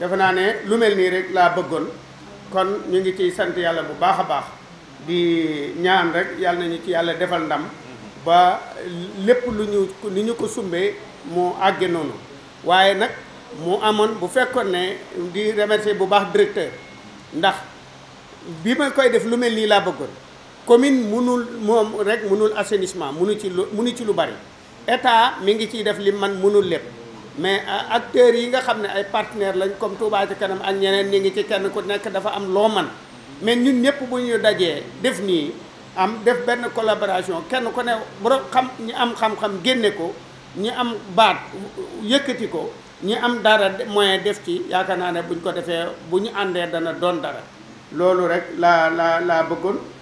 defe naa ne lu mel nii rek laa bëggoon kon ñu ngi ciy sant yàlla bu baax a baax di ñaan rek yàlla nañu ci yàlla defal ndam ba lépp lu ñu li ñu ko sumbee mu àgge noonu waaye nag mu amoon bu fekkoon ne di remercier bu baax directeur ndax bi ma koy def lu mel nii laa bëggoon commune munul moom rek munul assainissement munu ci lu munu ci lu bari état mi ngi ciy def li man munul lépp mais euh, acteurs yi nga xam ne ay partenaires lañ comme Touba ci kanam ak ñeneen ñi ngi ci kenn ku nekk dafa am loo man mais ñun ñëpp bu ñu dajee def nii am def benn collaboration kenn ko ne boro xam ñi am xam-xam génne ko ñi am baat yëkkati ko ñi am dara moyen def ci yaakaar naa ne buñ ko defee bu ñu àndee dana doon dara loolu rek laa laa laa bëggoon.